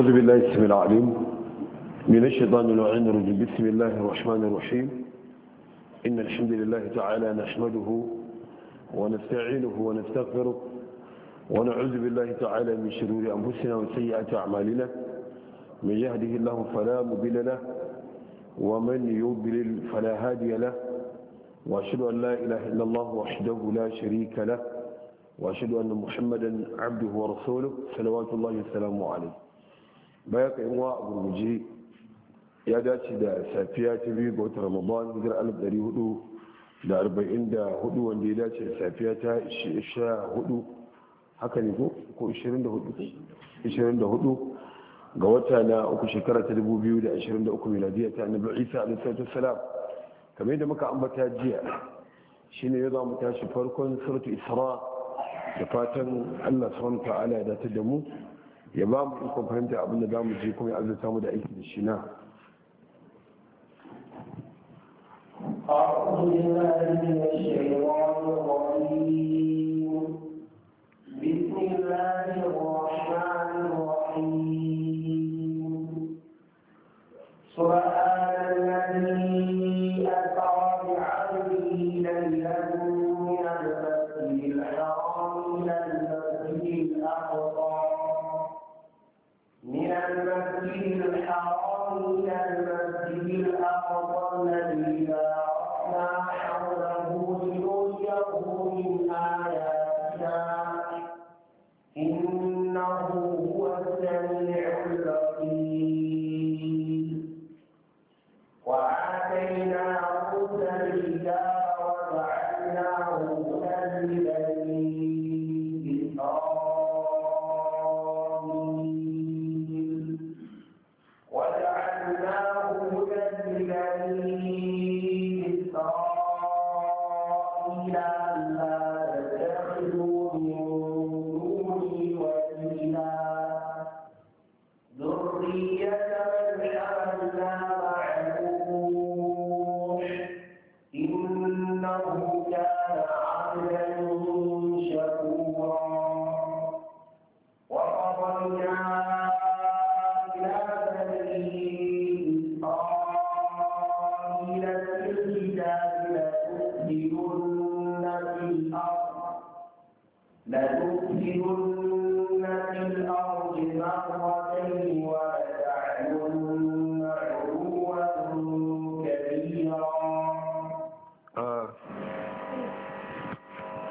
أعوذ بالله السميع العليم من الشيطان اللعين الرجيم بسم الله الرحمن الرحيم إن الحمد لله تعالى نحمده ونستعينه ونستغفره ونعوذ بالله تعالى من شرور أنفسنا وسيئات أعمالنا من يهده الله فلا مضل له ومن يضلل فلا هادي له وأشهد أن لا إله إلا الله وحده لا شريك له وأشهد أن محمدا عبده ورسوله صلوات الله وسلامه عليه baya ka yi wa a gurguje ya dace da safiya ta biyu ga watan ramadan hijirar alif dari hudu da arba'in da hudu wanda ya dace da safiya ta sha hudu haka ne ko ishirin da hudu ishirin da hudu ga wata na uku shekara ta dubu biyu da ashirin da uku miladiya ta annabi isa alaihi salam kamar yadda muka ambata jiya shine ya za mu tashi farkon suratu isra da fatan allah subhanahu ta'ala ya dace da mu ya ba mu ikon fahimta abin da za mu je kuma ya azurta mu da aiki da shi na أعوذ بالله من الشيطان الرجيم بسم الله الرحمن الرحيم سبحان الذي أسرى بعبده ليلا من المسجد الحرام إلى المسجد الأقصى المسجد الحرام إلى المسجد الأقصى الذي بارك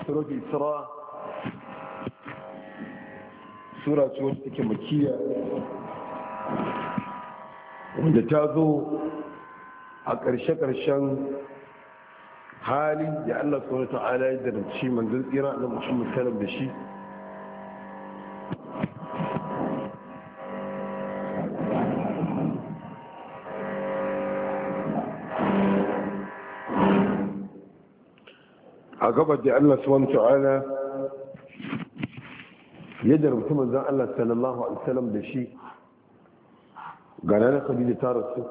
suratu isra sura ce wacce take makiya wanda ta zo a ƙarshe-ƙarshen hali da Allah subhanahu ta'ala ya da shi manzon tsira da Muhammad sallallahu da shi gabar da Allah subhanahu ta'ala yadda jarumta manzan Allah sallallahu alaihi wasallam da shi ga nana Khadija ta rasu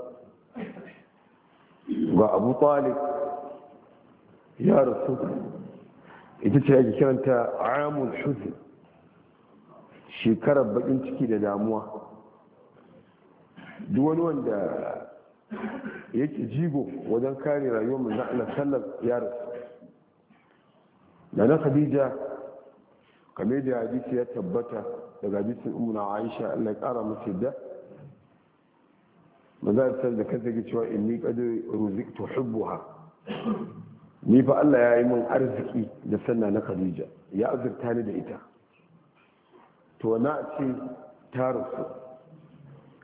ga Abu Talib ya rasu ita ce ake kiranta amul huzn shekarar bakin ciki da damuwa duk wani wanda yake jigo wajen kare rayuwar manzan Allah sallallahu alaihi wasallam ya rasu da na khadija kame da hadisi ya tabbata daga hadisin umuna aisha allah ya kara mace da maza ta da kanta ke cewa inni qad ruziktu hubbuha ni fa allah ya yi min arziki da sanna na khadija ya azurta ni da ita to na ce ta rasu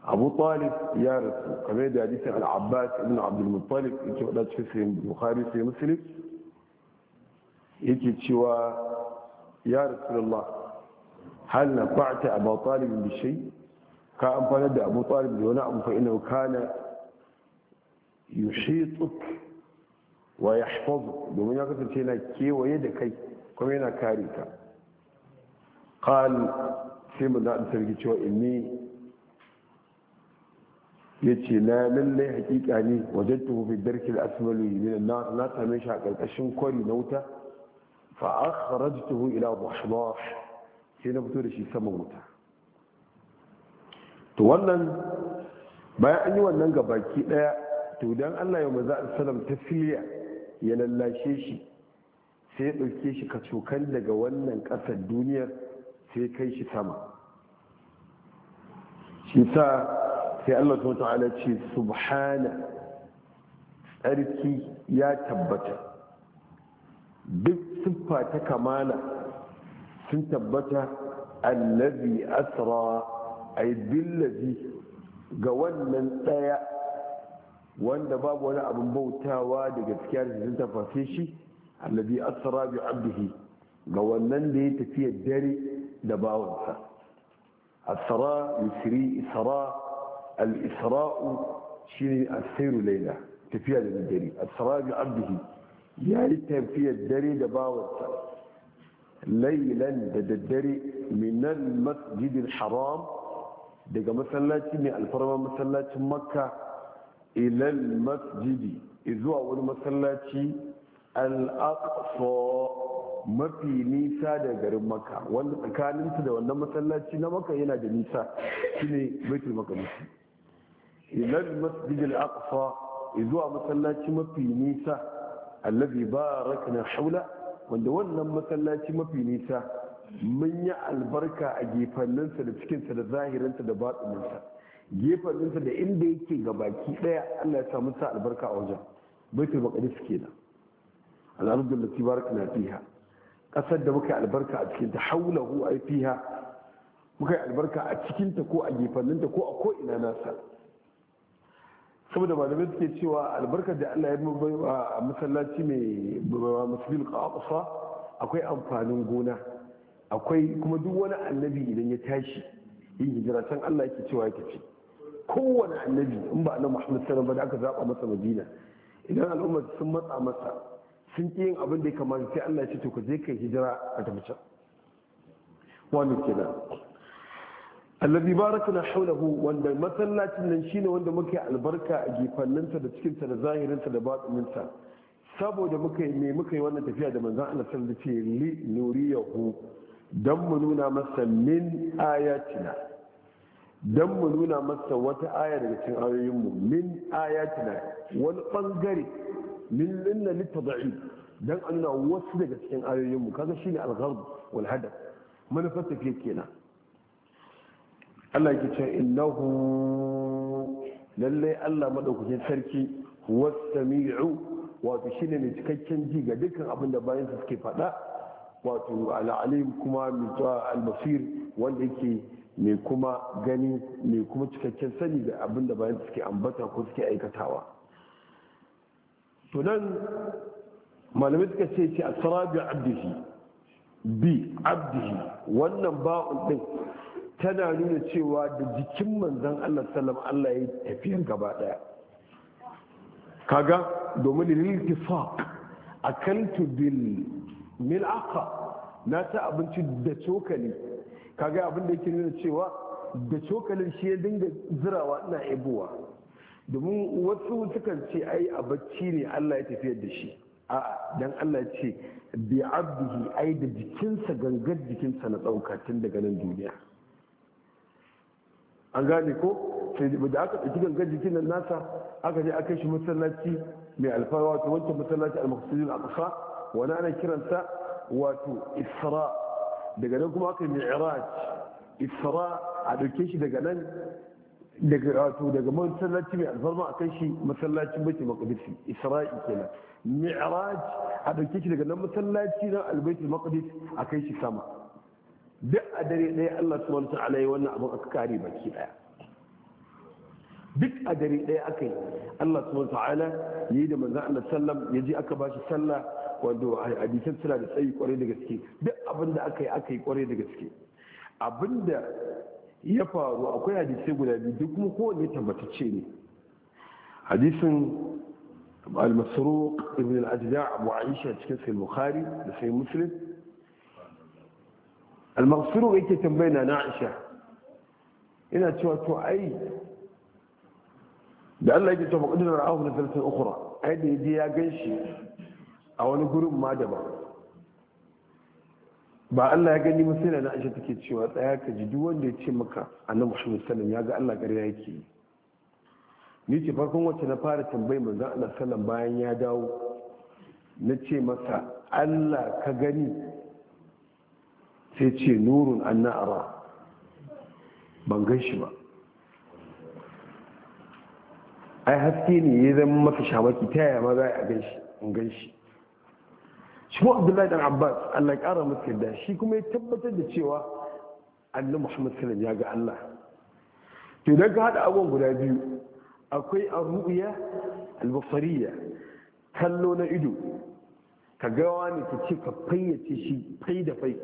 abu talib ya rasu kame da hadisin alabbas abbas ibn abdul muttalib yake wada cikin bukhari sai muslim yake cewa ya rasulullah hal na fa'ata abu talibin da shai ka amfana da abu talib da wani abu fa'ina kana yushituk wa ya domin ya kasance yana kewaye da kai kuma yana kare ka qal sai mu zaɗi sarki cewa inni ya ce na lallai hakika ne wajen tuhufi darkil asmalu na same shi a ƙarƙashin kwari na wuta fa akhrajtuhu ila dhahdah sai na fito da shi saman wuta to wannan bayan an yi wannan ga baki daya to dan Allah ya maza sallam tasliya ya lallashe shi sai ya dauke shi kacokan daga wannan kasar duniyar sai kai shi sama shi sa sai Allah subhanahu wa ta'ala ce subhana tsarki ya tabbata duk siffa ta kamala sun tabbata allazi asra ay billazi ga wannan daya wanda babu wani abin bautawa da gaskiya da sun tafafe shi allazi asra bi abdihi ga wannan da ya tafiya dare da bawansa asra yusri isra al-isra'u shine asiru layla tafiya da dare asra bi abdihi ya yi tafiyar dare da bawarsa lailan da daddare minan masjidil haram daga masallaci mai alfarma masallacin makka ilal masjidi izuwa wani masallaci al-aqsa mafi nisa da garin makka wanda tsakaninsu da wannan masallaci na makka yana da nisa shine baitul maqdis ilal masjidil aqsa izuwa masallaci mafi nisa allazi barakna haula wanda wannan masallaci mafi nisa mun yi albarka a gefanninsa da cikinsa da zahirinsa da batsininsa gefanninsa da inda yake ga baki daya Allah ya samu sa albarka a wajen baitul maqdis kenan al-ardul lati barakna fiha kasar da muka albarka a cikinta haulahu ai fiha muka albarka a cikinta ko a gefanninta ko a ko ina nasa saboda malamai suke cewa albarkar da Allah ya bai a masallaci mai masjidil ƙasa akwai amfanin gona akwai kuma duk wani annabi idan ya tashi yin hijira can Allah yake cewa yake ce kowane annabi in ba na Muhammad sallallahu alaihi aka zaɓa masa Madina idan al'umma sun matsa masa sun ƙi yin abin da ya kamata sai Allah ya ce to ka je kai hijira a tafi can wannan kenan allazi barakna hawlahu wanda masallacin nan shine wanda muke albarka a gefanninsa da cikinsa da zahirinsa da batininsa saboda muka me muka yi wannan tafiya da manzon Allah sallallahu alaihi wasallam li nuriyahu dan mu nuna masa min ayatina dan mu nuna masa wata aya daga cikin ayoyin mu min ayatina wani bangare min linna litad'i dan an nuna wasu daga cikin ayoyin mu kaga shine al-gharb wal hadaf manufar tafiya kenan Allah ke cewa innahu lalle Allah madaukakin sarki wasu samiu wato shine mai cikakken ji ga dukkan abin da bayan su suke faɗa wato al kuma al-basir wanda yake ne kuma gani kuma cikakken sani ga abin da bayan suke ambata ko suke aikatawa to malamai suka ce ce asrabi abdihi bi abdihi wannan ba'un din tana nuna cewa da jikin manzan Allah sallam Allah ya tafiyar gaba daya kaga domin a kan akaltu bil aka na ta abinci da cokali kaga abin da yake nuna cewa da cokalin shi ya dinga zirawa ina ibowa domin wasu sukan ce ai a bacci ne Allah ya tafiyar da shi a'a dan Allah ya ce bi abdihi ai da jikinsa gangar jikinsa na tun daga nan duniya an gane ko da aka ɗauki gangan jikin nan nasa aka je aka shi masallaci mai alfarwa wato wancan masallaci al-maqsudin aqsa wani ana kiransa wato isra daga nan kuma aka yi mi'raj isra a ɗauke shi daga nan daga wato daga masallaci mai alfarma akan shi masallacin baitul maqdisi isra'i kenan mi'raj a ɗauke shi daga nan masallaci na albaitul maqdis akan shi sama duk a dare ɗaya Allah subhanahu ta'ala wannan abin aka kare baki ɗaya duk a dare ɗaya aka yi Allah subhanahu ta'ala ya yi da manzan Allah sallam ya je aka bashi sallah wanda hadisan suna da tsayi kwarai da gaske duk abin da aka yi aka yi kwarai da gaske abin ya faru akwai hadisai guda biyu duk kuma ne tabbatacce ne hadisin المسروق ابن Aisha cikin عائشة في da في مسلم almaksuru yake tambayi na na'isha ina cewa to ai da allah yake cewa kudin ra'ahu na zartar ukura ai da yaje ya gan shi a wani gurin ma daban ba allah ya gani mu yana na'isha take cewa tsaya ka ji duk wanda ya ce maka annabi muhammad sallam ya ga allah gari yake yi ni ce farkon wacce na fara tambayi manzon allah sallam bayan ya dawo na ce masa allah ka gani sai ce nurun an na'ara ban gan shi ba ai haske ne ya zama mafi shamaki ta yaya ma za a gan shi in gan shi shi abdullahi dan abbas allah kara masa yadda shi kuma ya tabbatar da cewa annabi muhammad sallam ya ga allah to idan ka haɗa abubuwan guda biyu akwai arruya albasariya kallo na ido ka gawa ne ka ce ka fayyace shi fai da fai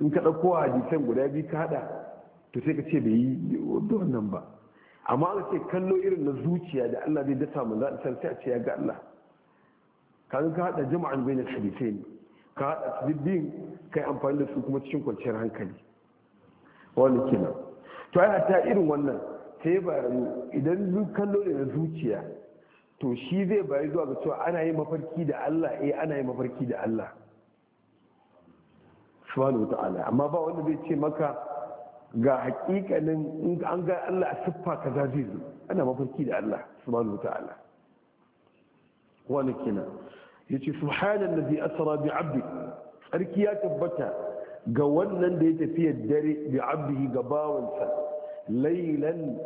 in ka ɗauko hadisan guda biyu ka haɗa to sai ka ce bai yi wannan ba amma ka ce kallo irin na zuciya da Allah zai dasa mu za sai a ce ya ga Allah kaga ka haɗa jama'an bai na hadisai ne ka haɗa su biyun kai amfani da su kuma cikin kwanciyar hankali wannan kenan to ai ta irin wannan sai bayanu idan kallo ne na zuciya to shi zai bayar zuwa ga cewa ana yi mafarki da Allah eh ana yi mafarki da Allah subhanahu ta'ala amma ba wanda zai ce maka ga hakikanin in an ga Allah a siffa kaza zai zo ana mafarki da Allah subhanahu ta'ala wani kina yace subhanallazi asra bi 'abdi sarki ya tabbata ga wannan da ya tafi dare bi 'abdihi ga bawansa laylan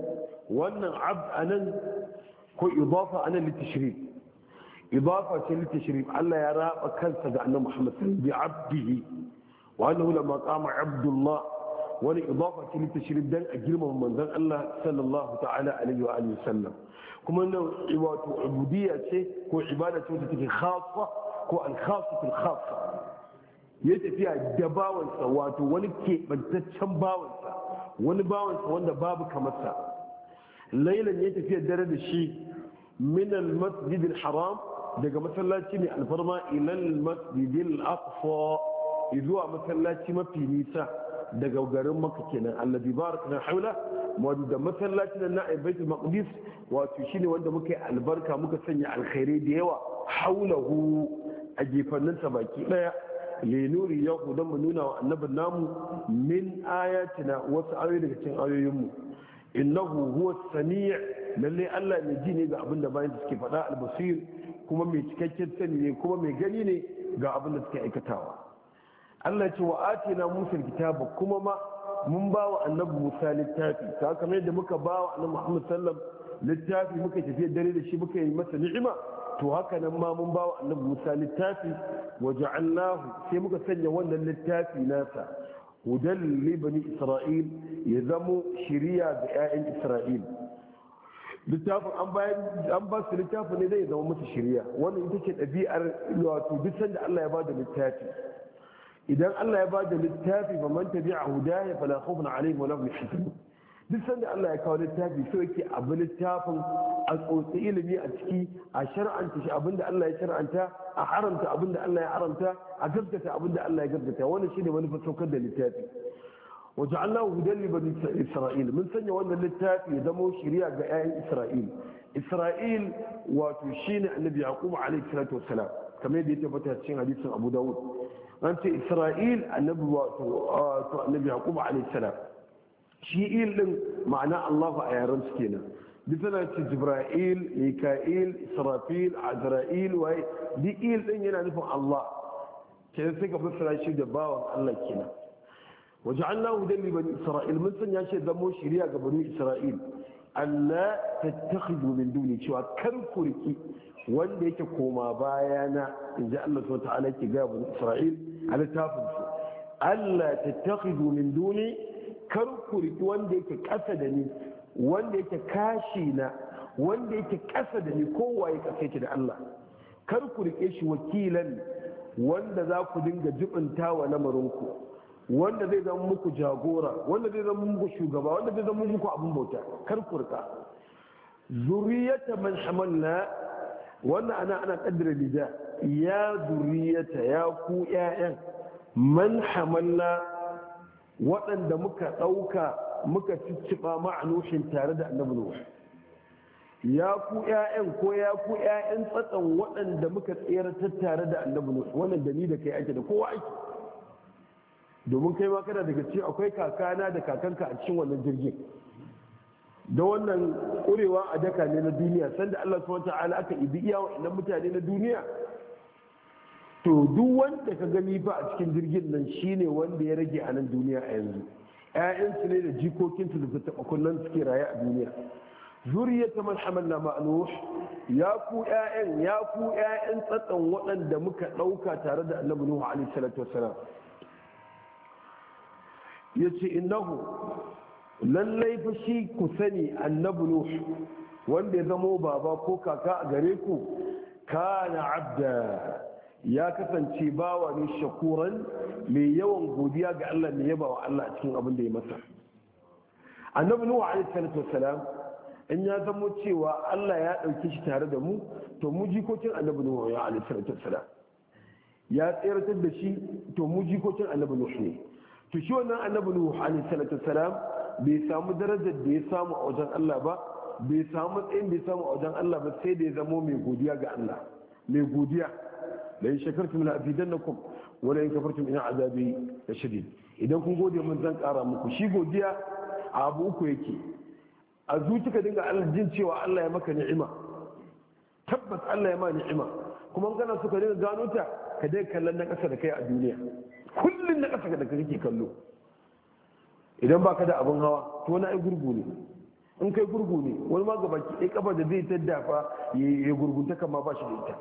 wannan 'abd anan ko idafa anan litashrif idafa ce litashrif Allah ya raba kansa ga annabi Muhammad bi 'abdihi وأنه لما قام عبد الله ولإضافة للتشريف دان أجرم من ذن الله صلى الله تعالى عليه وآله وسلم كما أنه عبودية كو عبادة خاصة كو الخاصة الخاصة ya tafiya da bawansa wato wani keɓantaccen bawansa wani bawansa wanda babu kamarsa lailan ya tafiya dare da shi minal masjidil haram daga masallaci mai alfarma ilal masjidil aqsa zuwa masallaci mafi nisa daga garin maka kenan allazi barakna haula wanda masallaci na baitul maqdis wato shine wanda muka yi albarka muka sanya alkhairi da yawa haulahu a gefannin sa baki daya lenuri ya ku mu nuna wa annabin namu min ayatina wasu ayoyi daga cikin ayoyinmu innahu huwa sami' lalle Allah mai ji ne ga abin da bayan suke faɗa albasir kuma mai cikakken sani ne kuma mai gani ne ga abin da suke aikatawa Allah ce wa na Musa kitaba kuma ma mun ba wa annabi Musa littafi ta kamar yadda muka ba wa annabi Muhammad sallam littafi muka tafi dare da shi muka yi masa ni'ima to haka nan ma mun ba wa annabi Musa littafi wa ja'alnahu sai muka sanya wannan littafi nasa hudan li Isra'il ya zamo shiriya ga 'ya'yan Isra'il littafin an an ba su littafin ne zai zama musu shiriya wannan ita ce ɗabi'ar wato duk sanda Allah ya ba da littafi idan Allah ya bada littafi fa man tabi'a hudaya fala khawfun alaihim wa lahum yahzanun duk sanda Allah ya kawo littafi so yake abu littafin a tsotsi ilimi a ciki a shar'anta shi abinda Allah ya shar'anta a haramta abinda Allah ya haramta a gaskata abinda Allah ya gaskata wannan shine manufar saukar da littafi wa allahu hudan li bani isra'il mun sanya wannan littafi ya zama shiriya ga 'ya'yan isra'il isra'il wato shine annabi yaqub alaihi salatu wassalam kamar yadda ya tabbata cikin hadisin abu dawud an isra'il annabi wato annabi yaqub alayhi salam shi il din ma'ana allahu a yaran su kenan duk tana ce jibra'il mika'il israfil azra'il wai duk il din yana nufin allah kenan sai ka fassara shi da bawan allah kenan waje hudan li bani isra'il mun sanya shi zamo shirya ga bani isra'il ta tattakhidhu min duni cewa kar ku riki wanda yake koma baya na in ji Allah subhanahu ta'ala ki ga bani Isra'il a littafin su Allah ta tafi min duni kar riki wanda yake kasa da ni wanda yake kashi na wanda yake ƙasa da ni kowa ya kasa yake da Allah kar ku rike shi wakilan wanda za ku dinga jibinta wa lamarinku wanda zai zama muku jagora wanda zai zama muku shugaba wanda zai zama muku abin bauta kar rika zuriyata man hamalna wannan ana ana kaddara nida ya duriyata ya ku ƴaƴan man hamalla waɗanda muka ɗauka muka cicciɓa ma'anushin tare da annabi nuhu ya ku ƴaƴan ko ya ku ƴaƴan tsatsan waɗanda muka tsayar tare da annabi nuhu wannan da ni da kai ake da kowa ake domin kai ma kana daga cikin akwai kakana da kakanka a cikin wannan jirgin da wannan kurewa a daka ne na duniya sanda Allah subhanahu ala aka ibi iya wannan mutane na duniya to duk wanda ka gani ba a cikin jirgin nan shine wanda ya rage a nan duniya a yanzu Ya'yansu ne da jikokinsu da taɓa kunnan suke raye a duniya zuriyata man hamalna ma'anu ya ku ƴaƴan ya ku ƴaƴan tsatsan waɗanda muka ɗauka tare da annabi nuhu alaihi salatu wassalam yace innahu lallai fa shi ku sani annabi nuh wanda ya zamo baba ko kaka a gare ku kana abda ya kasance bawa ne shakuran mai yawan godiya ga Allah mai yaba wa Allah cikin abin da ya masa annabi nuhu alayhi salatu wassalam in ya zamo cewa Allah ya dauke shi tare da mu to mu jikokin annabi nuhu ya alaihi salatu wassalam ya tsayar da shi to mu jikokin annabi nuhu ne to shi wannan annabi nuhu alayhi salatu wassalam bai samu darajar da ya samu a wajen Allah ba bai samu matsayin da samu a wajen Allah ba sai da ya zamo mai godiya ga Allah mai godiya la in shakartum na azidannakum Wani la kafar kafartum ina azabi shiri idan kun gode mun zan kara muku shi godiya a abu uku yake a zuciya dinga jin cewa Allah ya maka ni'ima tabbas Allah ya ma ni'ima kuma kana so ka dinga gano ta ka dai kallon na ƙasa da kai a duniya Kullum na ƙasa da kake kallo idan baka da abin hawa to wani ai gurgu ne in kai gurgu ne wani ma gaba ɗaya kafa da zai dafa ya ta kama ba shi da ita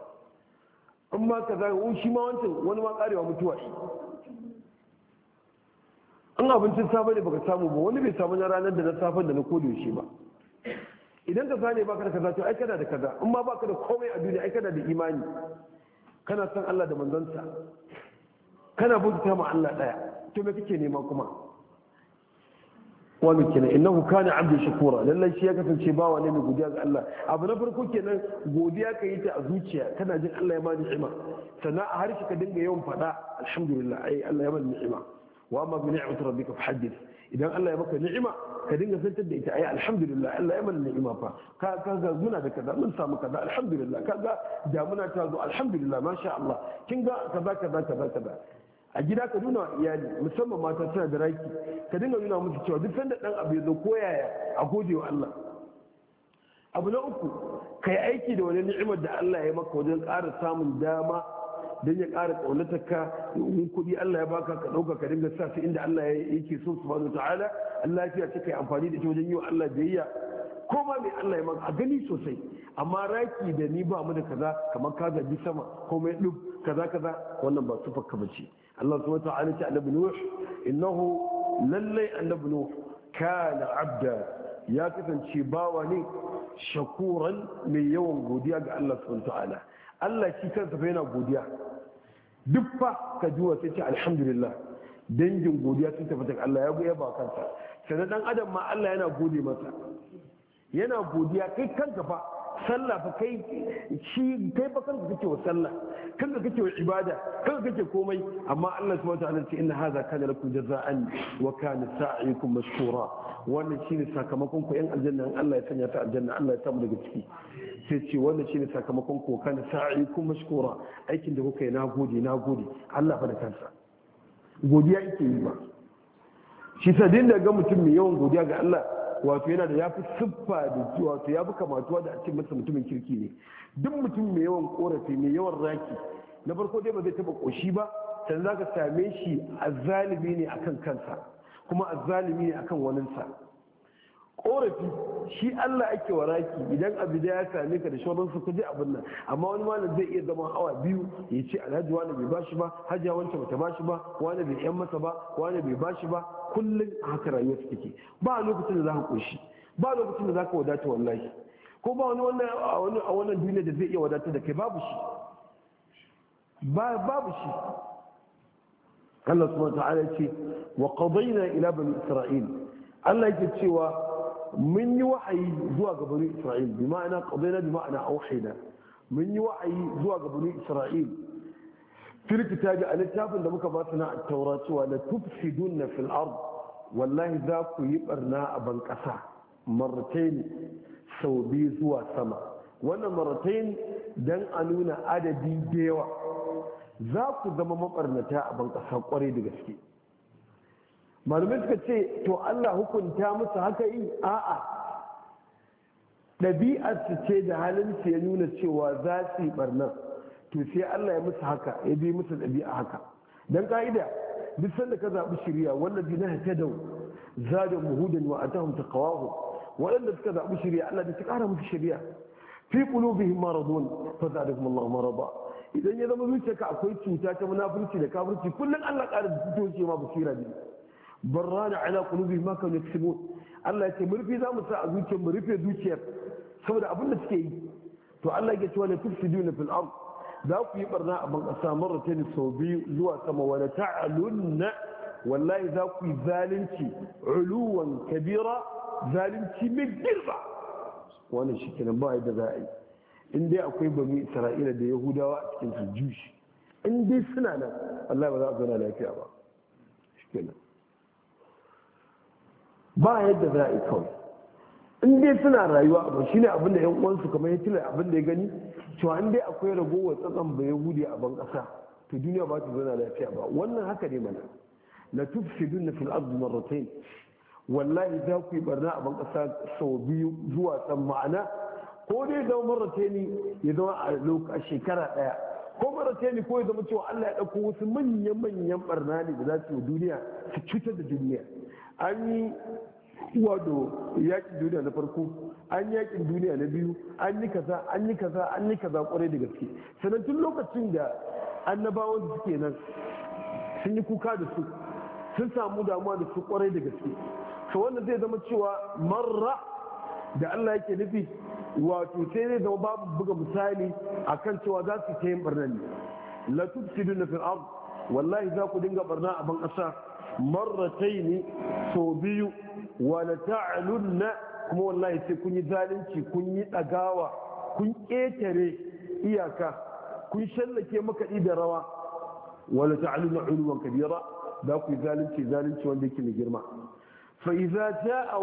in ma ka zai shi ma wancan wani ma karewa mutuwa shi in abincin safe ne baka samu ba wani bai samu na ranar da na safen da na kodayaushe ba idan ka zane baka da kaza to ai kana da kaza in ma baka da komai a duniya ai kana da imani kana san Allah da manzansa kana bauta ma Allah daya to me kake nema kuma wa min kenan innahu kana abdi shakura lallai shi ya kasance bawa wani mai godiya ga Allah abu na farko kenan godiya ka yi ta a zuciya kana jin Allah ya ma ni'ima sannan a harshe ka dinga yawan fada alhamdulillah ai Allah ya ma ni'ima wa amma bi ni'mati rabbika fahaddith idan Allah ya baka ni'ima ka dinga santar da ita ai alhamdulillah Allah ya mana ni'ima fa ka ka ga muna da kaza mun samu kaza alhamdulillah ka ga damuna ta zo alhamdulillah masha Allah kin ga kaza kaza kaza kaza a gida ka nuna iyali musamman mata suna da raki ka dinga nuna musu cewa duk sanda dan abu ya zo ko yaya a gode wa Allah abu na uku ka aiki da wani ni'imar da Allah ya maka wajen ƙara samun dama don ya ƙara ƙaunatar in kuɗi Allah ya baka ka ɗauka ka dinga sa su inda Allah ya yake so subhanahu ta'ala Allah ya ce kai amfani da shi wajen yi wa Allah biyayya ko mai Allah ya maka a gani sosai amma raki da ni ba mu da kaza kamar ka gaji sama komai duk kaza kaza wannan ba su ka bace Allah subhanahu wa ta'ala ce annabi nuh innahu lallai annabi nuh kana abda ya kasance bawa ne shakuran mai yawan godiya ga Allah subhanahu wa ta'ala Allah shi kansa fa yana godiya duk fa ka ji wa sai ce alhamdulillah dangin godiya sun tafi daga Allah ya goya ba kansa sannan dan adam ma Allah yana gode masa yana godiya kai kanka fa sallah fa kai shi kai fa kanka kake wa sallah kanka kake wa ibada kanka kake komai amma Allah subhanahu ta'ala ce inna hadha kana lakum jazaan wa kana sa'yukum mashkura wannan shine sakamakon ku yan aljanna in Allah ya sanya ta aljanna Allah ya samu daga ciki sai ce wannan shine sakamakon ku kana sa'yukum mashkura aikin da kuka yi nagode nagode Allah fa da kansa godiya yake yi ba shi sadin da ga mutum mai yawan godiya ga Allah wato yana da yafi siffa da wato ya fi kamatuwa da a ce masa mutumin kirki ne duk mutum mai yawan korafi mai yawan raki na farko dai ba zai taba koshi ba za ka same shi azzalimi ne akan kansa kuma azzalimi ne akan waninsa korafi shi Allah ake wa raki idan abu da ya same ka da shawararsa ka je abin nan amma wani malam zai iya zama awa biyu ya ce alhaji wani bai bashi ba hajiya wancan bata bashi ba wani bai yan masa ba wani bai bashi ba kullum haka rayuwar su take ba lokacin da za ka koshi ba lokacin da za ka wadata wallahi ko ba wani wannan a wannan duniya da zai iya wadata da kai babu shi babu shi Allah subhanahu wa ta'ala ce wa qadayna ila bani isra'il Allah yake cewa mun yi wa'ayi zuwa ga bani isra'il bi ma'ana qadayna bi ma'ana auhayna mun yi wa'ayi zuwa ga bani isra'il fil kitabi a littafin da muka ba su na taura cewa la tufsiduna fil ard wallahi za ku yi barna a ban kasa martain sau biyu zuwa sama wannan martain dan a nuna adadi da yawa za ku zama mabarnata a ban kasa kwarai da gaske malamai suka ce to Allah hukunta musu haka yi a'a ɗabi'ar su ce da halin su ya nuna cewa za su yi barnar to sai Allah ya musu haka ya bi musu ɗabi'a haka dan ka'ida duk sanda ka zaɓi shirya zina na hatadau zada muhudan wa atahum taqawahum waɗanda suka zaɓi shirya Allah da ta ƙara musu shirya fi qulubihim maradun fa zadahum Allah marada idan ya zama zuciyarka akwai cuta ta munafurci da kafirci kullum Allah ƙara fito ce ma basira ne barrana ala qulubihim ma kanu yaksubun Allah ya ce mu rufe za mu sa a zuciyar mu rufe zuciyar saboda abin da suke yi to Allah ya ce wala tufsiduna fil ard za ku yi barna a ban ƙasa marrata sau biyu zuwa sama wani ta'alun na. wallahi za ku yi zalunci uluwan kabira zalunci mai girba Wani shi kenan ba da za a yi in dai akwai bami isra'ila da yahudawa a cikin su jushi in dai suna nan Allah ba za a zauna lafiya ba shi kenan ba yadda za a yi kawai in dai suna rayuwa ba shine abin da yan uwansu kamar ya tilar abin da ya gani cewa in dai akwai ragowar tsatsan ba yahudi a ban ƙasa to duniya ba ta zana lafiya ba wannan haka ne mana la na fil ardi marratayn wallahi za ku yi barna a ban ƙasa sau biyu zuwa san ma'ana ko dai zama marratayn ya zama a shekara ɗaya ko marratayn ko ya zama cewa Allah ya dauko wasu manyan manyan barna ne da za su yi duniya su cutar da duniya an yi wato yaƙi duniya na farko an yakin duniya na biyu an yi kaza an yi kaza an yi kaza kwarai da gaske sannan tun lokacin da annabawan suke nan sun yi kuka da su sun samu damuwa da su kwarai da gaske to wannan zai zama cewa marra da Allah yake nufi wato sai zai zama babu buga misali akan cewa za su ta yin barna ne la tufsiduna na ard wallahi za ku dinga barna a ban kasa ne so biyu wa la ta'lunna kuma wallahi sai kun yi zalunci kun yi ɗagawa kun ƙetare iyaka kun shallake makaɗi da rawa wala ta'aluna ulwan kabira za ku yi zalunci zalunci wanda yake mai girma fa a jaa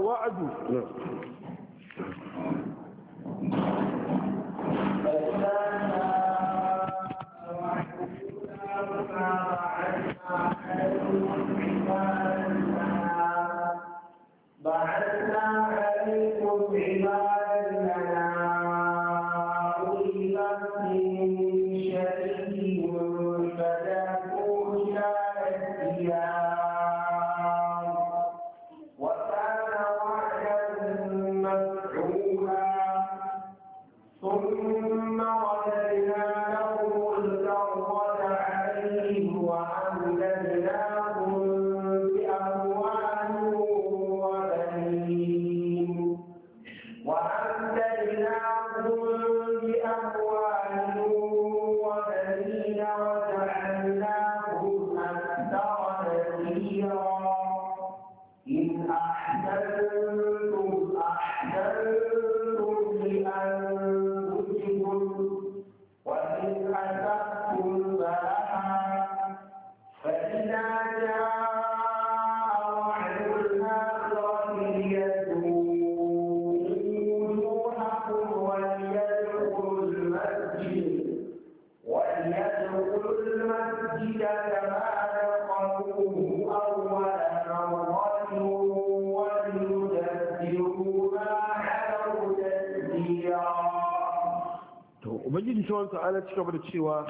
ومجلس الله تعالى تكبر الشواء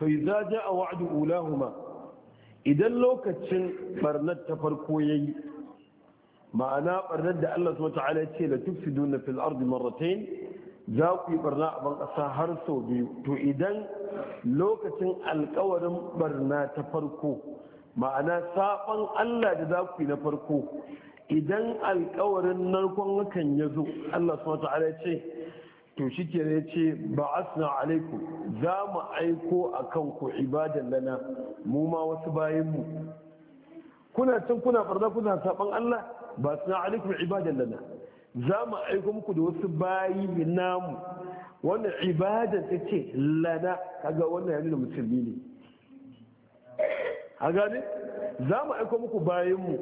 فإذا جاء وعد أولاهما إذا لو كتشن برنات تفركوين معنا برنات دعال الله تعالى تكبر في الأرض مرتين za ku yi barna a bankasa har sau biyu to idan lokacin alkawarin barna ta farko ma'ana saban allah da za ku yi na farko idan alkawarin narkon hakan ya zo allah su ta'ala ce to shi ke ne ce ba asna alaikum za mu aiko a kanku ibadan lana mu ma wasu bayanmu kuna cin kuna farna kuna saban allah ba asna alaikum ibadan lana za mu aiko muku da wasu bayi namu wannan ibadan ta ce lana kaga wannan yanzu da musulmi ne a gane za mu aiko muku bayanmu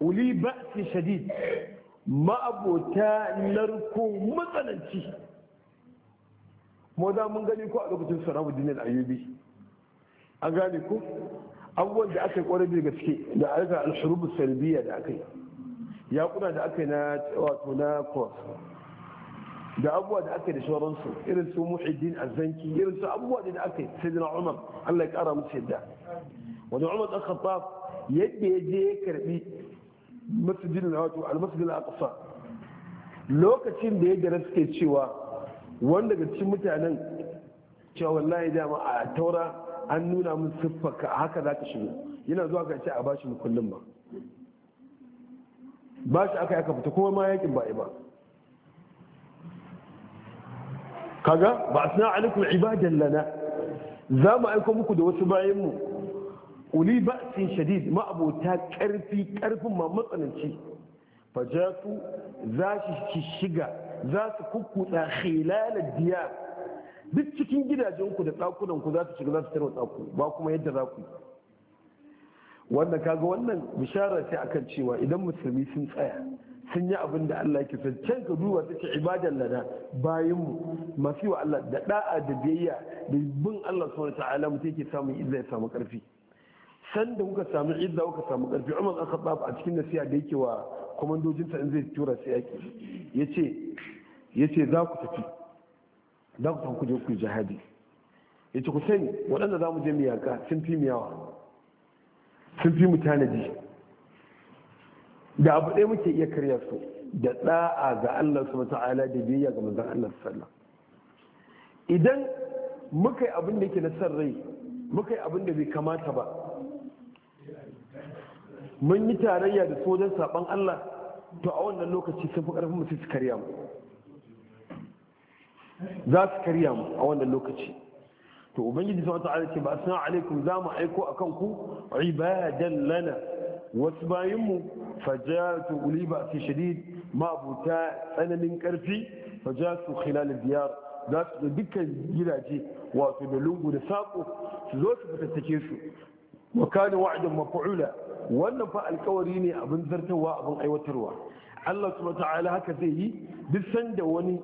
uli ce shadid ma'abota narko matsananci da mun gani ko a lokacin sarabu dinin ayyubi A gane ko abubuwan da aka yi kwarar da gaske da aka al salbiya da aka yi Ya kuna da aka yi na wato na kos da abuwa da aka yi da shawararsu irin su muhiddin azanki irin su abuwa da aka yi sai dina umar allah ya ƙara musu yadda wani umar aka khattab yadda ya je ya karbi masjidin wato almasjidin ƙasa lokacin da ya gara suke cewa wanda ga cikin mutanen cewa wallahi dama a taura an nuna min siffa a haka za ka shigo yana zuwa ka ce a bashi mukullin ba ba shi aka aka fita kuma ma yakin ba ba kaga ba asna alaikum ibadan lana za mu aiko muku da wasu bayan mu uli ba'sin shadid ma abota karfi karfin ma matsananci fajatu za shi shiga za su kukkuta khilal diya duk cikin gidajen ku da ɗakunan ku za su shiga za su tarwa ku ba kuma yadda za ku yi wannan kaga wannan bishara ce akan cewa idan musulmi sun tsaya sun yi abin da Allah ke son can ka duba take ibadan lada bayan mu masu wa Allah da da'a da biyayya da bin Allah wani ta'ala mu take samun izza ya samu karfi Sanda da kuka samu izza kuka samu karfi Umar aka Khattab a cikin nasiha da yake wa kwamandojinsa in zai tura sai yake ya yace za ku tafi za ku tafi ku je ku jihadi yace ku sani waɗanda za mu je miyaka sun fi miyawa sun fi mu tanadi da abu ɗaya muke iya karya su da ɗa'a ga Allah su ta'ala da biyayya ga mazan Allah sallam idan muka yi abin da ke na san rai muka yi abin da bai kamata ba mun yi tarayya da sojan saban Allah to a wannan lokaci sun fi ƙarfin mutum su karya mu za su karya mu a wannan lokaci to ubangiji subhanahu ta'ala ce ba asna alaikum za mu aiko akan ku ibadan lana wasu bayanmu mu fajatu uli ba fi shadid ma abuta tsananin karfi fajatu khilal diyar za su da dukkan gidaje wato da lungu da sako su zo su fitattake su wa kana wa'dan maf'ula wannan fa alkawari ne abin zartarwa abin aiwatarwa Allah subhanahu wa ta'ala haka zai yi duk sanda wani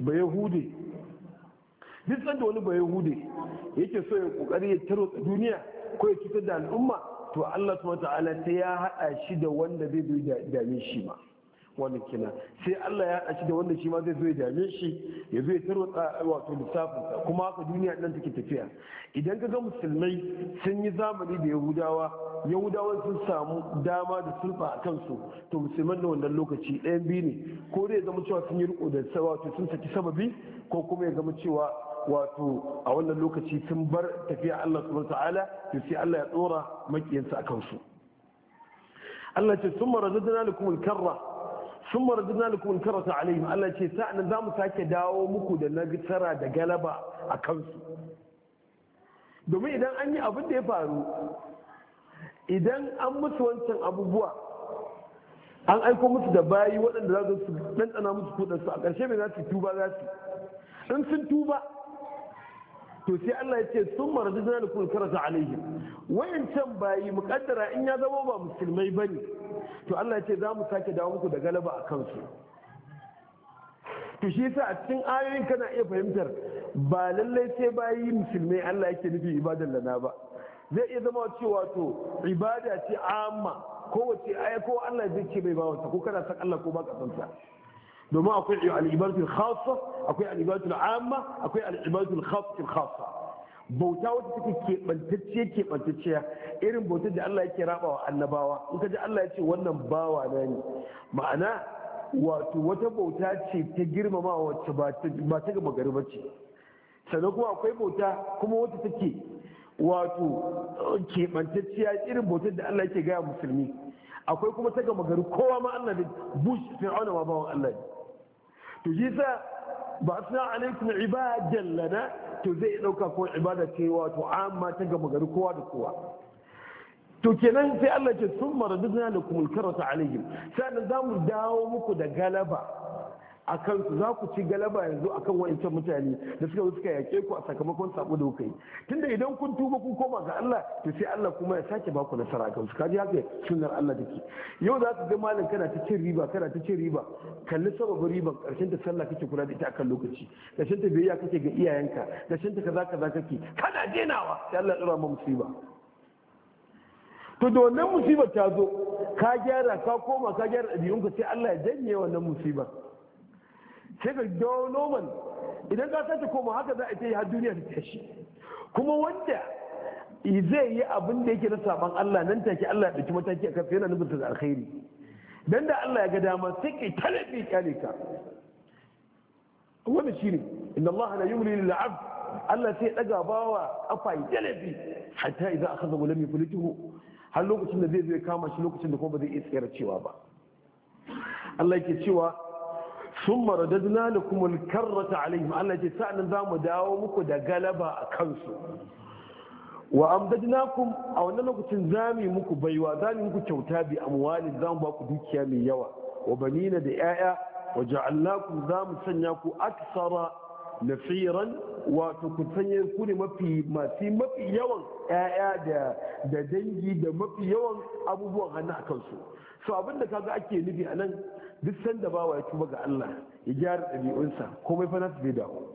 ba yahudi duk sanda wani bai hude yake so ya kokari ya taro duniya ko ya cutar da al'umma to Allah ta ta'ala sai ya haɗa shi da wanda zai zo ya dame shi ma wannan kina sai Allah ya haɗa shi da wanda shi ma zai zo ya dame shi ya zo ya taro wato lissafin kuma haka duniya ɗan take tafiya idan ka ga musulmai sun yi zamani da yahudawa yahudawa sun samu dama da sulfa a kansu to musulman da wannan lokaci ɗayan biyu ne ko dai ya zama cewa sun yi riko da wato sun saki sababi ko kuma ya zama cewa wato a wannan lokaci sun bar tafiya Allah subhanahu ta'ala to sai Allah ya dora makiyansa a kansu Allah ce summa radadna lakum al-karra summa radadna lakum al-karrata alaihim Allah ce sa'an za mu sake dawo muku da nasara da galaba a kansu domin idan an yi abin da ya faru idan an musu wancan abubuwa an aiko musu da bayi waɗanda za su ɗanɗana musu kudansu a ƙarshe mai za su tuba za su in sun tuba to sai Allah ya ce sun maradu zina da kulkarata alaihi wayancan bayi mukaddara in ya zama ba musulmai bane to Allah ya ce za mu sake dawo muku da galaba a kansu to shi yasa a cikin ayoyin kana iya fahimtar ba lallai sai bayi musulmai Allah yake nufi ibadan lana ba zai iya zama cewa to ibada ce amma kowace aya ko Allah zai ce bai ba wata ko kana san Allah ko ba ka san domin akwai al'ibadatul khassa akwai al'ibadatul amma akwai al'ibadatul khassa bauta wata take kebantacce keɓantacciya irin bautar da Allah yake raba wa annabawa in ka ji Allah ya ce wannan bawa na ne ma'ana wato wata bauta ce ta girmama wacce ba ta gaba gari ba ce sannan kuma akwai bauta kuma wata take wato eh, keɓantacciya irin bautar da Allah yake gaya musulmi akwai kuma ta gaba gari kowa ma Allah ne bush fir'auna ma bawan Allah ne to yi sa ba suna alaikum ibadan lana to zai ɗauka ko ibada ce wato amma ta gama gari kowa da kowa to kenan sai Allah ce sun mara duk na lakum alkarata alaikun sannan za mu dawo muku da galaba a kansu za ku ci galaba yanzu akan wa'ancan mutane da suka zo suka yake ku a sakamakon sabo da kuka yi tunda idan kun tuba kun koma ga Allah to sai Allah kuma ya sake baku nasara a su kaji haka sunnar Allah take yau za ka ga malam kana ta cin riba kana ta cin riba kalli sababin riban karshen ta sallah kake kula da ita akan lokaci karshen ta biyayya kake ga iyayenka karshen ta kaza kaza kake kana denawa sai Allah ya rama ma musiba to da wannan musibar ta zo ka gyara ka koma ka gyara ɗabi'unka sai Allah ya janye wannan musibar sai ka gawo normal idan ka sace koma haka za a ce har duniya da tashi kuma wanda zai yi abin da yake na saban Allah nan take Allah ya ɗauki mataki a yana nufin da alkhairi dan da Allah ya ga dama sai kai talabi kyale ka wannan shine inna Allah la yumli lil abd Allah sai daga bawa afa talabi hatta idza akhadha lam yuflihu har lokacin da zai zai kama shi lokacin da kuma ba zai iya tsira cewa ba Allah yake cewa sun maradadna da kuma karrata alaihim Allah ce sa'anin za mu dawo muku da galaba a kansu wa amdadnakum a wannan lokacin za muku baiwa za muku kyauta bi amwalin za mu ba ku dukiya mai yawa wa banina da 'ya'ya wa ja'alnakum zamu sanya ku aksara nafiran wato ku sanya ku ne mafi mafi yawan 'ya'ya da da dangi da mafi yawan abubuwan hannu a kansu so abinda kaga ake nufi a nan duk sanda bawa ya tuba ga Allah ya gyara ɗabi'unsa komai fa nasu bai dawo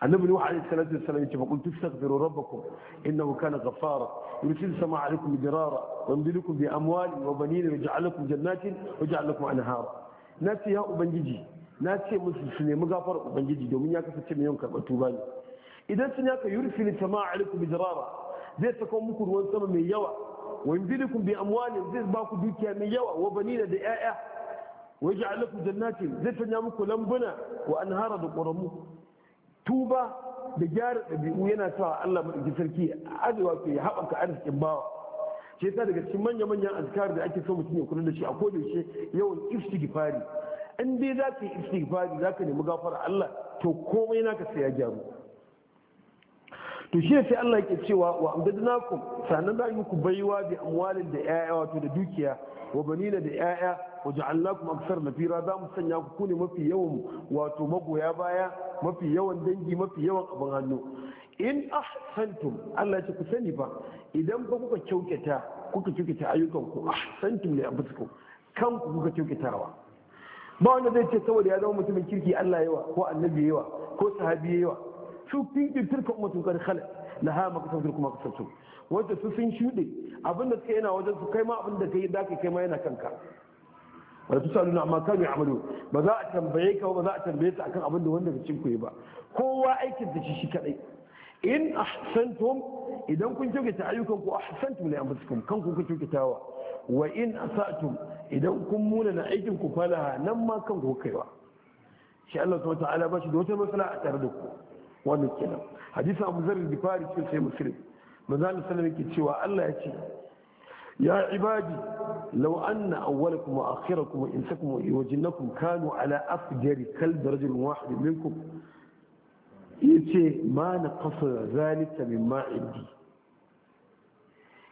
annabi nuhu alaihi salatu wassalam yace fa qul tastaghfiru rabbakum innahu kana ghaffara yursil samaa alaikum dirara wa yumdidukum bi amwali wa banin wa yaj'alukum jannatin wa yaj'alukum anhara nace ya ubangiji na ce musu su nemi gafar ubangiji domin ya kasance mai yawan karɓar tuba ne idan sun yaka yursil samaa alaikum dirara zai saka muku ruwan sama mai yawa wa yumdidukum bi amwali zai ba ku dukiya mai yawa wa banina da 'ya'ya wa ja'alaku jannatin zai sanya muku lambuna wa anhara da ƙoramu tuba da gyara ɗabi'u yana sa Allah madauki sarki azewa ke haɓaka arzikin bawa shi yasa daga cikin manya manyan azkar da ake so mutum ya kula da shi a yaushe yawan istighfari in dai za ka yi istighfari za ka nemi gafara Allah to komai naka sai ya gyaru to shi sai Allah yake cewa wa amdadnakum sanan za yi muku baiwa bi amwalin da 'ya'ya wato da dukiya wa banina da 'ya'ya waja'alnakum aksar nafira za mu sanya ku kune mafi yawan wato magoya baya mafi yawan dangi mafi yawan abin hannu in ahsantum Allah ya ce ku sani ba idan ba kuka kyautata kuka ayyukan ku ahsantum li anfusikum kanku kuka kyauketawa ba wanda zai ce saboda ya zama mutumin kirki Allah yawa ko annabi yawa ko sahabi yawa su fi tilka ummatun qad khalat laha ma kasabtu kuma kasabtu wanda su sun shude abinda suka yana wajen su kai ma abinda kai da kai ma yana kanka ba su sanu amma kanu amalu ba za a tambaye ka ba za a tambaye ta akan abin da wanda ka ku yi ba kowa aikin da shi shi kadai in ahsantum idan kun kyautata ayyukan ku ahsantum li anfusikum kan ku kun kyautatawa wa in asatum idan kun muna na aikin ku falaha nan ma kan ku kaiwa shi Allah subhanahu ta'ala ba shi da wata matsala a tare da ku wannan kenan hadisi Abu Zar al-Bukhari cikin sai Muslim manzo Allah sallallahu alaihi wasallam yake cewa Allah ya ce يا عبادي لو أن أولكم وآخركم وإنسكم وجنكم كانوا على أفجر كلب رجل واحد منكم يتي ما نقص ذلك مما عندي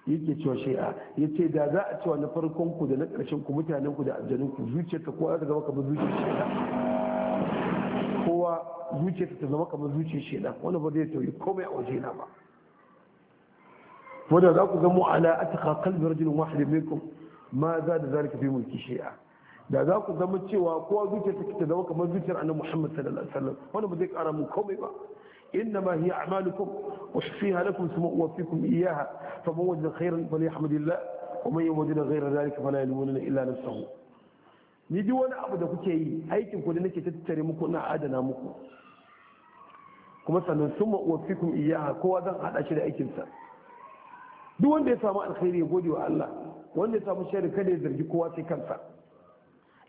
yake cewa shi'a ya ce da za a cewa na farkon ku da na ƙarshen ku mutanen ku da aljanun ku zuciyar ka kowa ta zama kamar zuciyar da kowa zuciyar ta zama kamar zuciyar da wani ba zai tauri komai a waje na ba kuma da za ku gamo ala a atqa qalbi rajulin wahid minkum ma za da zalika fi mulki shi'a da za ku zama cewa kowa zuciya take ta zama kamar zuciyar annabi Muhammad sallallahu alaihi wasallam wannan ba zai kara mun komai ba إنما هي أعمالكم أحصيها لكم ثم أوفيكم إياها فمن وجد خيرا فليحمد الله ومن يوجد غير ذلك فلا يلومن إلا نفسه ni duk wani abu da kuke yi aikin ku da nake tattare muku na adana muku kuma sannan sun ma'uwafikun iyaha kowa zan hada shi da aikinsa duk wanda ya samu alkhairi ya gode wa Allah wanda ya samu shari kada ya zargi kowa sai kansa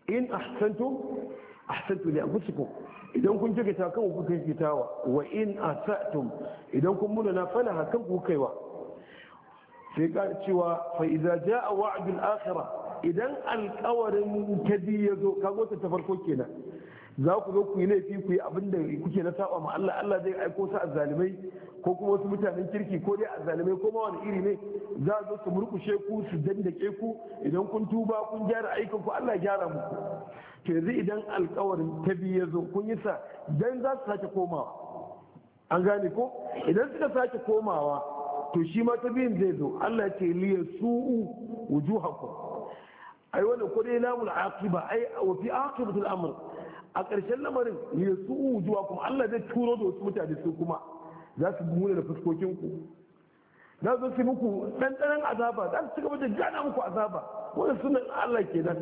in ahsantum ahsantu li anfusikum idan kun kyautata kan ku kai fitawa wa in asatum idan kun muna na falaha kan ku kaiwa sai ka cewa fa idza jaa wa'dul akhirah idan alqawarin kadi yazo kago ta farko kenan za ku zo ku yi laifi ku yi abin da kuke na saba ma Allah Allah zai aiko su azzalimai ko kuma wasu mutanen kirki ko dai azzalimai ko ma wani iri ne za zo su murkushe ku su dandake ku idan kun tuba kun gyara aikin ku Allah gyara muku to yanzu idan alkawarin ta biyu ya zo kun yi sa dan za su sake komawa an gane ko idan suka sake komawa to shi ma ta biyun zai zo Allah ce liya su'u wujuhakum ai wannan ko dai lamul aqiba ai wa fi aqibatul amr a ƙarshen lamarin ya su zuwa kuma Allah zai turo da wasu mutane su kuma za su muna da fuskokinku za su fi muku ɗanɗanen azaba za su ci gaba da gana muku azaba wanda sunan Allah ke nan,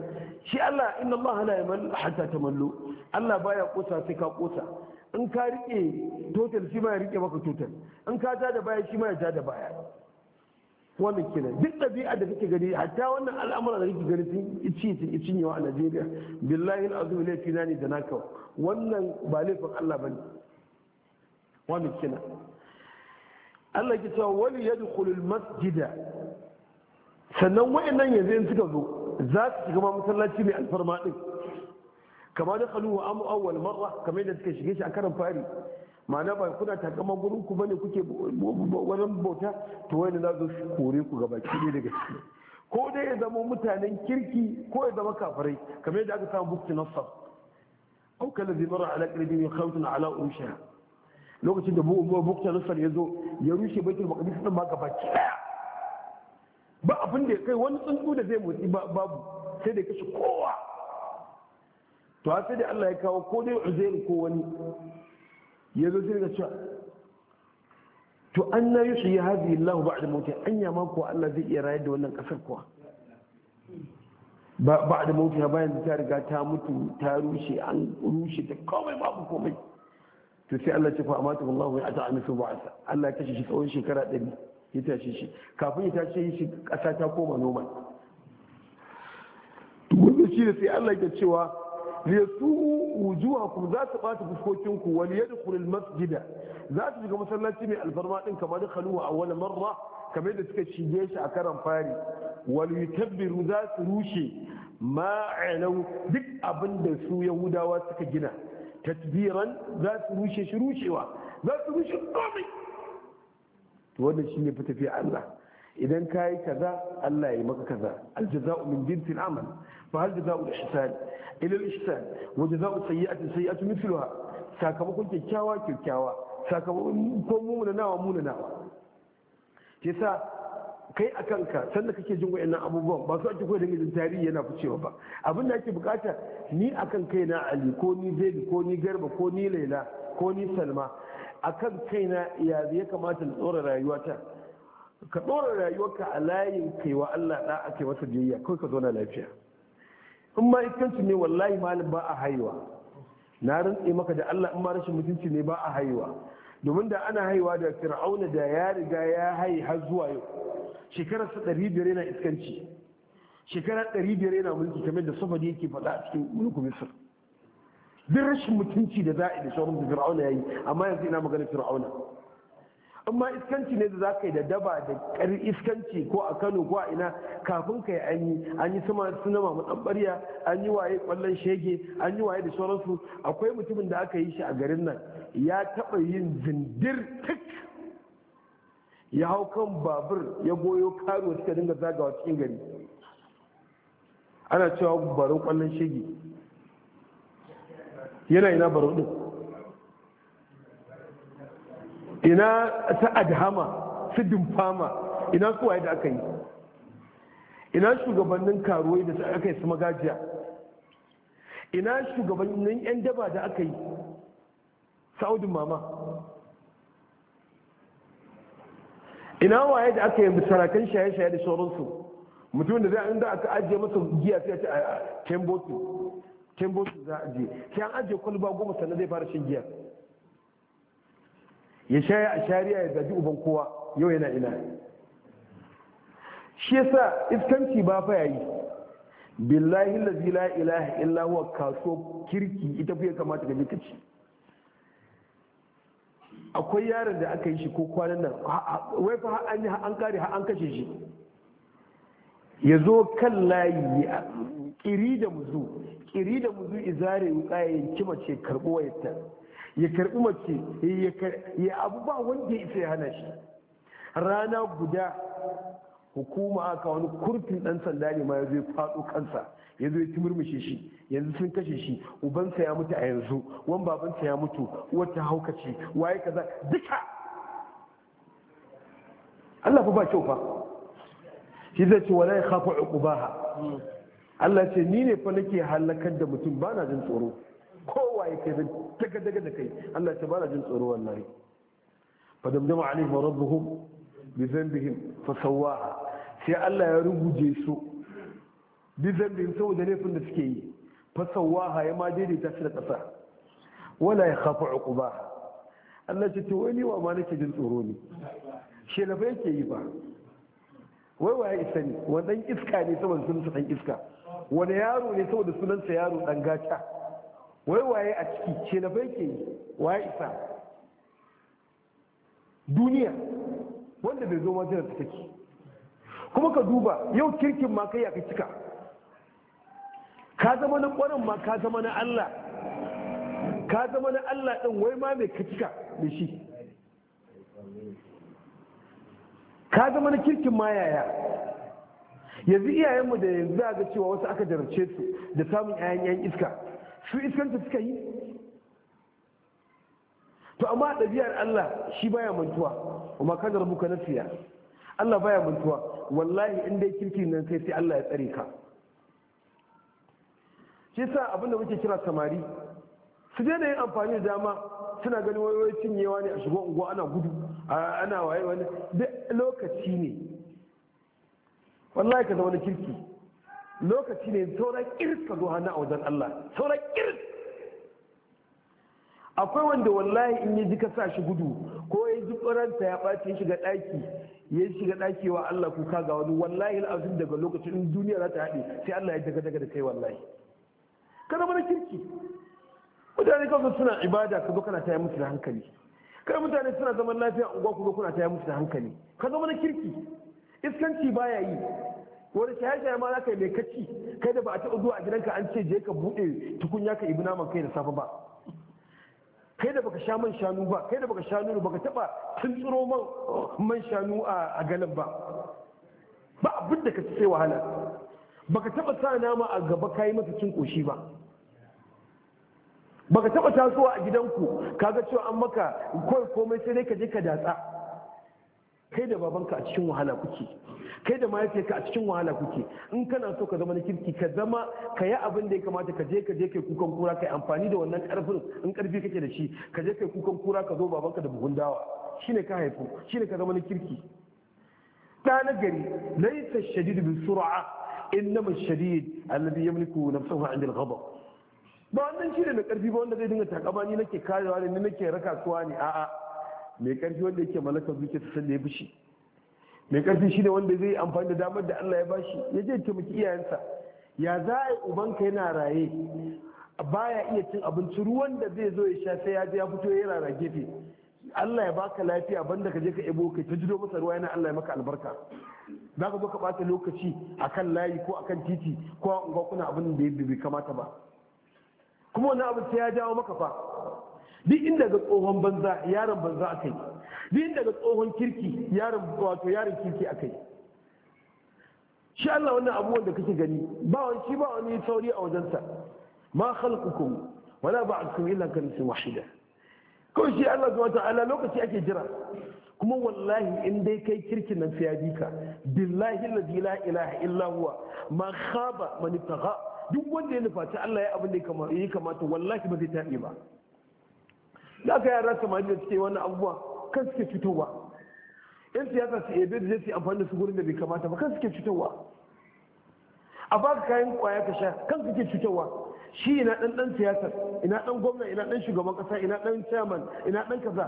shi Allah inna Allah la yamal hatta tamallu Allah baya kosa sai ka kosa in ka rike total shi ma ya rike maka total in ka ja da baya shi ma ya ja da baya wannan kenan duk ɗabi'a da kake gani hatta wannan al'amura da kake gani sun ci sun ci yawa a Najeriya billahi azumi laifi na ne da naka wannan ba laifin Allah bane wannan kenan Allah ke cewa wali yadkhulul masjida sannan wayannan yanzu in suka zo za su shiga ma masallaci mai alfarma din kama da khalu wa amu awwal marra kamar yadda suka shige shi a karan fari ma'ana ba kuna takama gurin ku bane kuke wajen bauta to wani na zo su kore ku gaba ne daga ciki ko dai ya zama mutanen kirki ko ya zama kafirai kamar yadda aka samu bukti nassar au kala zai mara ala kirji min khawtun ala urusha lokacin da bukti nassar ya zo ya rushe baitul maqdis din ma gaba ki ba abin da kai wani tsuntsu da zai motsi babu sai da kashe kowa to sai dai Allah ya kawo ko dai Uzair ko wani ya zo sai ga cewa to an na yi shi ya hazi Allah ba da mutu an yama kuwa Allah zai iya rayar da wannan kasar kuwa ba da mutu ya bayan ta riga ta mutu ta rushe an rushe ta komai babu komai to sai Allah ce fa amatu Allah ya ata a ba'asa Allah ya kashe shi tsawon shekara ɗari ya tashi shi kafin ya tashi shi ƙasa ta koma noma to wanda shi da sai Allah ke cewa liyasu'u ku za ta bata fuskokinku wal yadkhul al masjida za ta shiga masallaci mai alfarma din kamar dakhaluhu wani marra kamar da suka shige shi a karan fari wani yutabbiru za su rushe ma'alau duk abin da su yahudawa suka gina tasbiran za su rushe shi rushewa za su rushe komai to wannan shine fitafi Allah idan ka yi kaza Allah ya maka kaza aljaza'u min jinsin amal fa hal jaza'u ihsan ila ihsan wa jaza'u sayyi'ati sayyi'atu mithluha sakamakon kyakkyawa kyakkyawa sakamakon ko mumuna nawa mumuna nawa ke sa kai a kanka sanda kake jin wayannan abubuwan ba su ake koyar da jin tarihi yana ficewa ba abin da ake bukata ni akan kaina ali ko ni zaid ko ni garba ko ni laila ko ni salma akan kaina ya ya kamata na tsora rayuwata ka ɗora rayuwarka a layin kai wa Allah a kai masa biyayya kai ka zauna lafiya in ma ne wallahi malam ba a haihuwa. na rantse maka da Allah in ma rashin mutunci ne ba a haihuwa. domin da ana haihuwa da fir'auna da ya riga ya haihu har zuwa yau shekarar su ɗari biyar yana iskanci shekarar ɗari biyar mulki kamar da safadi yake faɗa a cikin mulkin misr duk rashin mutunci da za'i da shawarar da fir'auna yayi amma yanzu ina maganar fir'auna amma iskanci ne da za ka yi da daba da kar iskanci ko a kano ko a ina kafin ka yi anyi yi an yi sama suna mamu dan barya an yi waye kwallon shege an yi waye da sauransu akwai mutumin da aka yi shi a garin nan ya taba yin zindir tik ya hau kan babur ya goyo karuwa suka dinga zagawa cikin gari ana cewa baro kwallon shege yana ina baro din ina ta adhama su dumfama ina suwaye da aka yi ina shugabannin karuwai da aka yi su magajiya ina shugabannin 'yan daba da aka yi sa'udin mama ina waye da aka yi sarakan shaye-shaye da sauransu mutum da zai inda aka ajiye masa giya sai a ce a kembosu kembosu za a ajiye sai an ajiye kwalba goma sannan zai fara shan giya ya shaya a shari'a ya zaji uban kowa yau yana ina shi yasa iskanci ba fa yayi billahi allazi la ilaha illa huwa kaso kirki ita fiye kamata ga je ci akwai yaron da aka yi shi ko kwanan nan wai fa an yi an kare ha an kashe shi ya zo kan layi kiri da muzu kiri da muzu izare wuƙa ya yanki mace karɓo wayarta ya karbi mace eh, ya abu ba wanda ya isa ya hana shi rana guda hukuma aka wani kurfin dan sanda ne ma ya zo faɗo kansa ya zo ya murmushe shi yanzu sun kashe shi ubansa ya mutu a yanzu wani babansa ya mutu wata ce waye kaza duka Allah fa ba kyau fa shi zai ce wala ya khafa uqubaha hmm. Allah ce ni ne fa nake halakar da mutum bana jin tsoro kowa ya kai daga daga da kai Allah ta bana jin tsoro wallahi fa damdama alaihim rabbuhum bi dhanbihim fa sawaha sai Allah ya rubuje su bi sau saboda laifin da suke yi fa sawaha ya ma daidaita shi da kasa wala ya khafu uquba Allah ce to wai ni wa ma nake jin tsoro ne she lafa yake yi ba wai wa ya isa ne dan iska ne saboda sunan sa dan iska wani yaro ne saboda sunan sa yaro dan gata wai waye a ciki ce na bai ke waye isa duniya wanda bai zo majalar ta take kuma ka duba yau kirkin ma kai ya ka cika ka zama na ƙwarin ma ka zama na Allah ka zama na Allah ɗin wai ma mai ka cika da shi ka zama na kirkin ma yaya yanzu iyayenmu da yanzu za ga cewa wasu aka jarabce su da samun 'ya'yan iska su iskanta suka yi to amma ɗabi'ar Allah shi baya mantuwa kuma kan ka nasiya Allah baya mantuwa wallahi in dai kirki nan sai sai Allah ya tsare ka shi sa abinda muke kira samari su daina yin amfani da dama suna ganin wayoyi cinyewa ne a shigo unguwa ana gudu ana waye wani lokaci ne wallahi ka zama na kirki lokaci ne sauran irka zo hannu a wajen Allah sauran irka akwai wanda wallahi in ya ji ka sa shi gudu ko ya ji ƙoranta ya ɓace shiga ɗaki ya shiga ɗaki wa Allah kuka ga wani wallahi al'azim daga lokacin in duniya za ta haɗe sai Allah ya daga daga da kai wallahi kada mana kirki mutane kawai suna ibada ka zo kana yi musu da hankali kada mutane suna zaman lafiya unguwa ku zo kuna ta yi musu da hankali ka zo mana kirki iskanci baya yi wani shaye shayar ma zaka yi mai kaci kai da ba a taɓa zuwa a gidanka an ce je ka buɗe tukunya ka ibi naman kai da safe ba kai da baka sha man shanu ba kai da baka sha nono baka taɓa tuntsuro man man shanu a galan ba ba abin da ka ci sai wahala baka taɓa sa nama a gaba kayi masa cin koshi ba baka taɓa tasowa a gidanku ga cewa an maka kawai komai sai dai ka je ka datsa kai da babanka a cikin wahala kuke kai da mahaifiyarka a cikin wahala kuke in kana so ka zama na kirki ka zama ka yi abin da ya kamata ka je ka je kai kukan kura ka yi amfani da wannan karfin in karfi kake da shi ka je kai kukan kura ka zo babanka da buhun dawa shine ka haifu shine ka zama na kirki ta na gari laisa shadid bi sur'a ma shadid alladhi yamliku nafsahu 'inda al-ghadab ba wannan shine na karfi ba wanda zai dinga takama na nake karewa ne ni nake rakasuwa ne a'a mai karfi wanda yake malaka zuke ta sanda ya bishi mai karfi shi ne wanda zai amfani da damar da Allah ya bashi ya je taimaki iyayensa ya za a yi ubanka yana raye baya iya cin abinci ruwan da zai zo ya sha sai ya je ya fito ya rara gefe Allah ya baka lafiya banda ka je ka ebo kai ta jido masa ruwa yana Allah ya maka albarka za ka zo ka bata lokaci akan layi ko akan titi ko a unguwa kuna abin da ya bai kamata ba kuma wani abu sai ya jawo maka fa duk inda ga tsohon banza yaron banza a kai duk inda ga tsohon kirki yaron wato yaron kirki a kai shi Allah wannan abubuwan da kake gani ba wani shi ba wani sauri a wajensa ma khalqukum wala ba'atkum illa ka nafsin wahida kawai shi Allah subhanahu ta'ala lokaci ake jira kuma wallahi in dai kai kirkin nan sai ya ka billahi alladhi la ilaha illa huwa ma khaba man duk wanda ya nufaci Allah ya abin da ya kamata wallahi ba zai tabe ba da aka yara samari da suke wannan abubuwa kan suke fitowa yan siyasa su ebe da zai amfani da su gurin da bai kamata ba kan suke fitowa a baka kayan kwaya ka sha kan suke fitowa shi ina dan dan siyasar ina dan gwamna ina dan shugaban kasa ina dan chairman ina dan kaza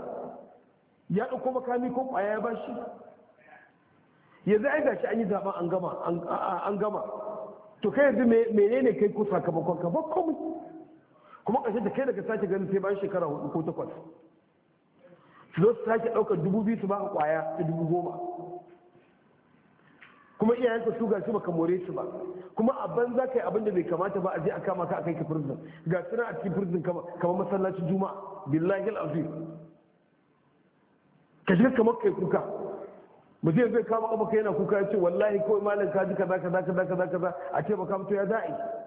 ya dauko makami ko kwaya ya bashi yanzu ai gashi an yi zaben an gama an gama to kai yanzu menene kai ko sakamakon ka ba komai kuma ƙarshe da kai daga sake ganin sai bayan shekara hudu ko takwas su zo su sake ɗaukar dubu biyu su baka ƙwaya ta dubu goma kuma ka su gashi baka more su ba kuma a banza kai abin da bai kamata ba a je a kama ka a kai ka prison ga su a cikin prison kamar masallacin juma'a billahi al'azim ka shiga kamar kai kuka mutum zai kama kafa kai yana kuka ya ce wallahi kawai malam ka ji kaza kaza kaza kaza a ce baka mutu ya za'a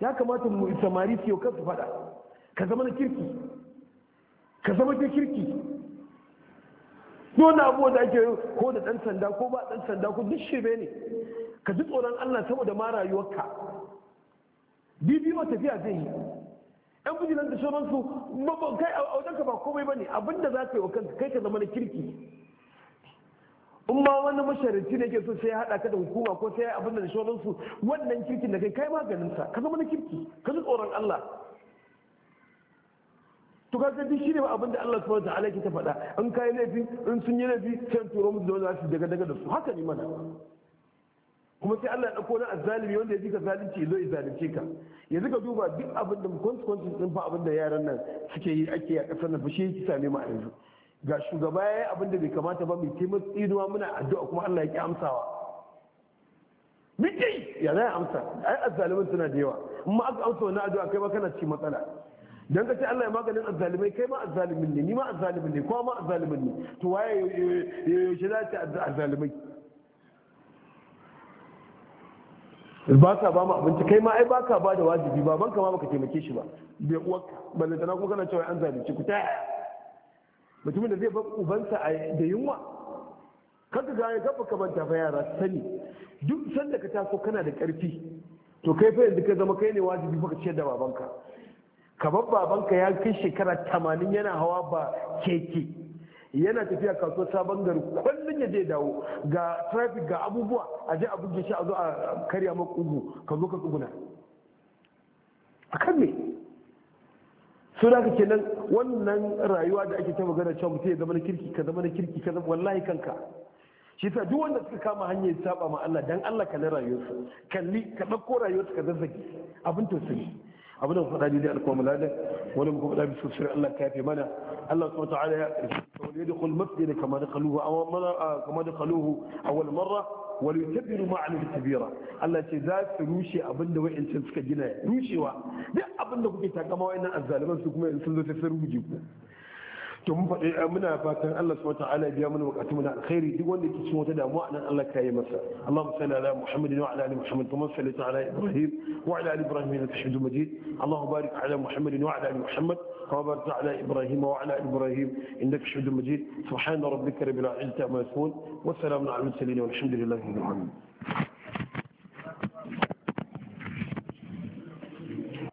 ya kamata mu samari su yau kansu fada ka zama na kirki ka zama ta kirki dole abuwa da ake ko da dan sanda ko ba dan sanda ko duk shirme ne ka ji tsoron Allah saboda ma rayuwarka bibiyo tafiya zai yi yan bujilan da sauransu kai a wajenka ba komai ba ne abinda za ka yi wa kanka kai ka zama na kirki in ma wani masharanci ne ke so sai ya haɗa ka da hukuma ko sai ya abin da su wannan kirkin da kai kai maganinsa ka zama na kirki ka ji tsoron Allah to kaga duk shine abin da Allah subhanahu wataala yake ta faɗa in kai laifi in sun yi bi sai turo musu da wani za su daga daga da su haka ne mana kuma sai Allah ya dauko na azzalimi wanda ya ji ka zalunci zo ya zalunce ka yanzu ka duba duk abin da mu consequences din fa abin da yaran nan suke yi ake a kasar nan ba shi yake same mu a yanzu ga shugaba ya yi abin da bai kamata ba mai taimar tsinuwa muna addu'a kuma allah ya ki amsawa miki ya zai amsa ai azzalimin suna da yawa amma aka amsa wani addu'a kai ma kana ci matsala dan ka ce Allah ya maganin azzalimai kai ma azzalimin ne ni ma azzalimin ne kowa ma azzalimin ne to waye yaushe za ta azzalimai ba ka ba mu abinci kai ma ai ba ka ba da wajibi ba ka ma baka taimake shi ba bai uwarka balle tana kuma kana cewa an zalunci ku ta yaya mutumin da zai bar ubansa a da yunwa kanka ga ya gaba manta fa yara sani duk sanda ka taso kana da karfi to kai fa yanzu ka zama kai ne wajibi ka ciyar da babanka Ka bar babanka ya kai shekara tamanin yana hawa ba keke yana tafiya kasuwar sabon gari kullum ya je dawo ga traffic ga abubuwa a je a buge shi a zo a karya makugu ka zo ka tsuguna a kan me su da kake nan wannan rayuwa da ake ta magana cewa mutum ya zama na kirki ka zama na kirki ka zama wallahi kanka shi ta duk wanda suka kama hanyar saba ma Allah dan Allah kalli rayuwarsu kalli ka dauko rayuwarsu ka zazzage abin tausayi abin da faɗa daidai alƙawamin ladan wani muka faɗa bisu sirri Allah ka yafe mana Allah subhanahu ta'ala ya ƙarshe wani yadda kulmas ne kama da kaluhu a wani marra wal yukabbiru ma amil kabira Allah ce za su rushe abinda wa'ancin suka gina rushewa duk abinda kuke takama wa'annan azzaliman su kuma sun zo ta sarruji ku to mun faɗi muna fatan Allah subhanahu wataala ya biya mana bukatun mu na alkhairi duk wanda yake cikin wata damuwa nan Allah ka yi masa Allahumma salli ala Muhammad wa ala ali Muhammad kama sallaita ala Ibrahim wa ala ali Ibrahim innaka Hamidum Majid Allahumma barik ala Muhammad wa ala ali Muhammad كما على إبراهيم وعلى إبراهيم إنك شهد مجيد سبحان ربك رب العزة عما يصفون والسلام على المرسلين والحمد لله رب العالمين